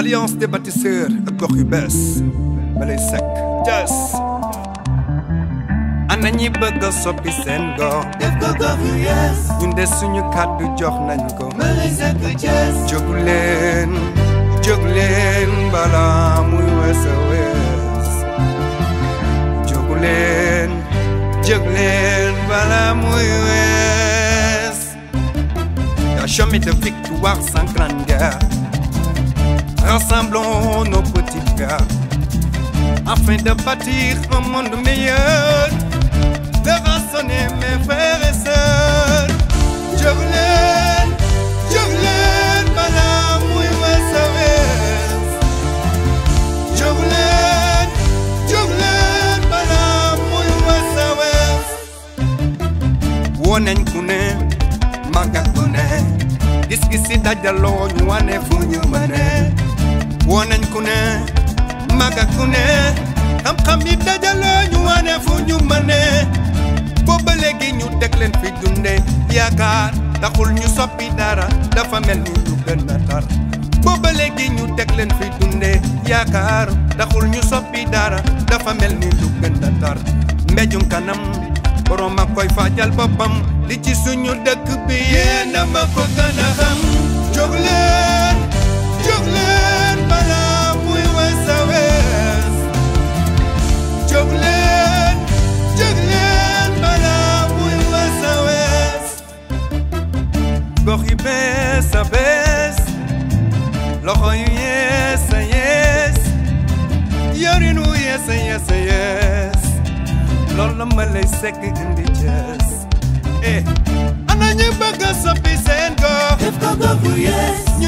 alliance des bâtisseurs ak gox yu bees balay sekk jas ana ñi bëgg a soppi seen gox def ko gox yu yees ñun de suñu kàddu jox nañu ko balay sekk jas jóg leen jóg leen bala muy wees a wees jóg leen jóg leen bala muy wees chemin de victoire sans grande guerre. Rassemblons nos petits cœurs afin de bâtir un monde meilleur, de rassonner mes frères et sœurs. Je voulais, je voulais, madame, oui, ma sœur. Je voulais, je voulais, madame, oui, ma sœur. maga gis gis ci dajalo ñu wane fu ñu mëne wonañ ku ne maga ku ne xam-xam yi dajalo ñu wane fu ñu mëne ba légui ñu tek leen fi dundé yaakaar taxul ñu soppi dara dafa melni ñu gëna tar tar ba légui ñu tek leen fi dundé yaakaar taxul ñu soppi dara dafa melni ñu gëna tar mbéjum kanam borom a koy fajal boppam li ci suñu dëkk bi yéen a ma ko gën a xam jóg malay sekk indi Thiès eh ana ñu bëgg soppi seen gox def ko gox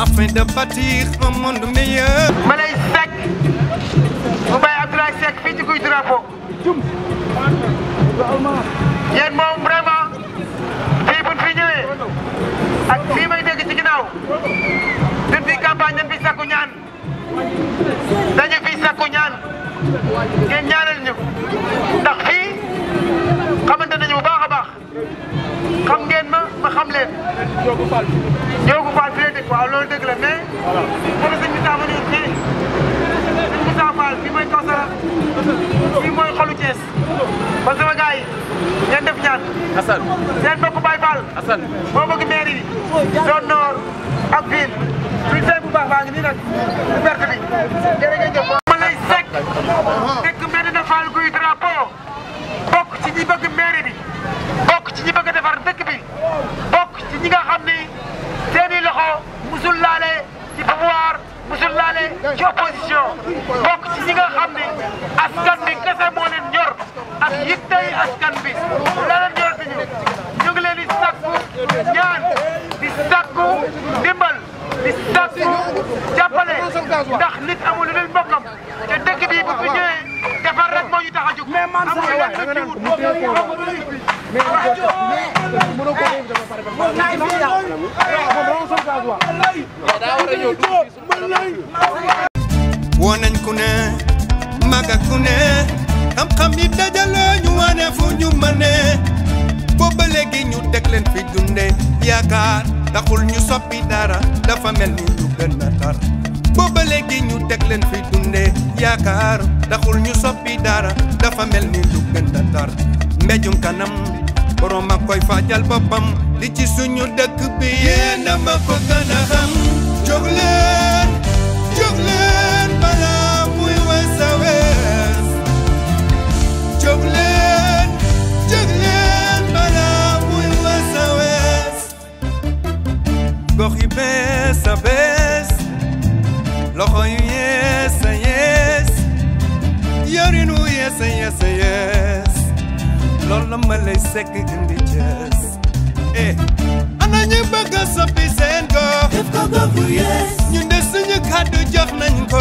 afin de bâtir un monde meilleur. ma lay Seck mu bàyyi Abdoulaye Seck fii ci kuy drapeau. yéen moom. xam leen. Ndiogou Fall. Ndiogou Fall fii la dëkk waaw loolu dëgg la mais. voilà foofu sëñ Moussa ma nuyu mais sëñ Moussa Fall fii mooy Kawsara fii mooy xolu Thiès ba sama gars yi ngeen def ñaan. Assane seen mbokku Baye Fall. Assane moo bëgg mairie bi. zone nord ak ville. bu baax baa ngi nii nag ci perte bi. musul laale ci pouvoir musul laale ci opposition bokk ci ñi nga xam ni ak yittey askan bi la leen ñor ñu ñu ngi leen di sakku ñaan sakku ndimbal di sakku jàppale ndax nit amul lu dul bokkam te dëkk bu fi ñëwee defar rek moo mais ko dégg ku ne maga ku ne xam-xam yi dajaloo ñu wane fu ñu mënee boobu ba léegi ñu fi dundee yaakaar taxul ñu soppi dara dafa mel ni ñu gën tar. boobu ba léegi ñu leen fi dundee yaakaar taxul ñu soppi dara dafa mel ni ñu gën tar. mbéjum kanam borom a koy fajal boppam li ci suñu dëkk bi yéen ma ko gën a xam na malay second in the chest. Eh, baga sa pisengo. Efka If yes. Nyunde sinye kado jaf na nyko.